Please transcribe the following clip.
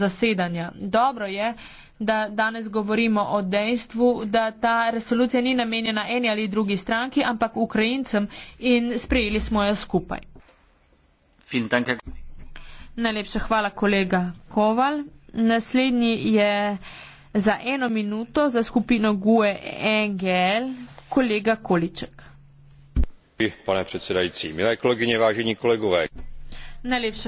zasedanja. Dobro je, da danes govorimo o dejstvu, da ta resolucija ni namenjena eni ali drugi stranki, ampak Ukrajincem in sprejeli smo jo skupaj. Najlepša hvala, kolega Koval. Naslednji je za eno minuto za skupino GUE NGL, kolega Količek. Pane predsedajci, milé kolegyně, vážení kolegové. Najlepša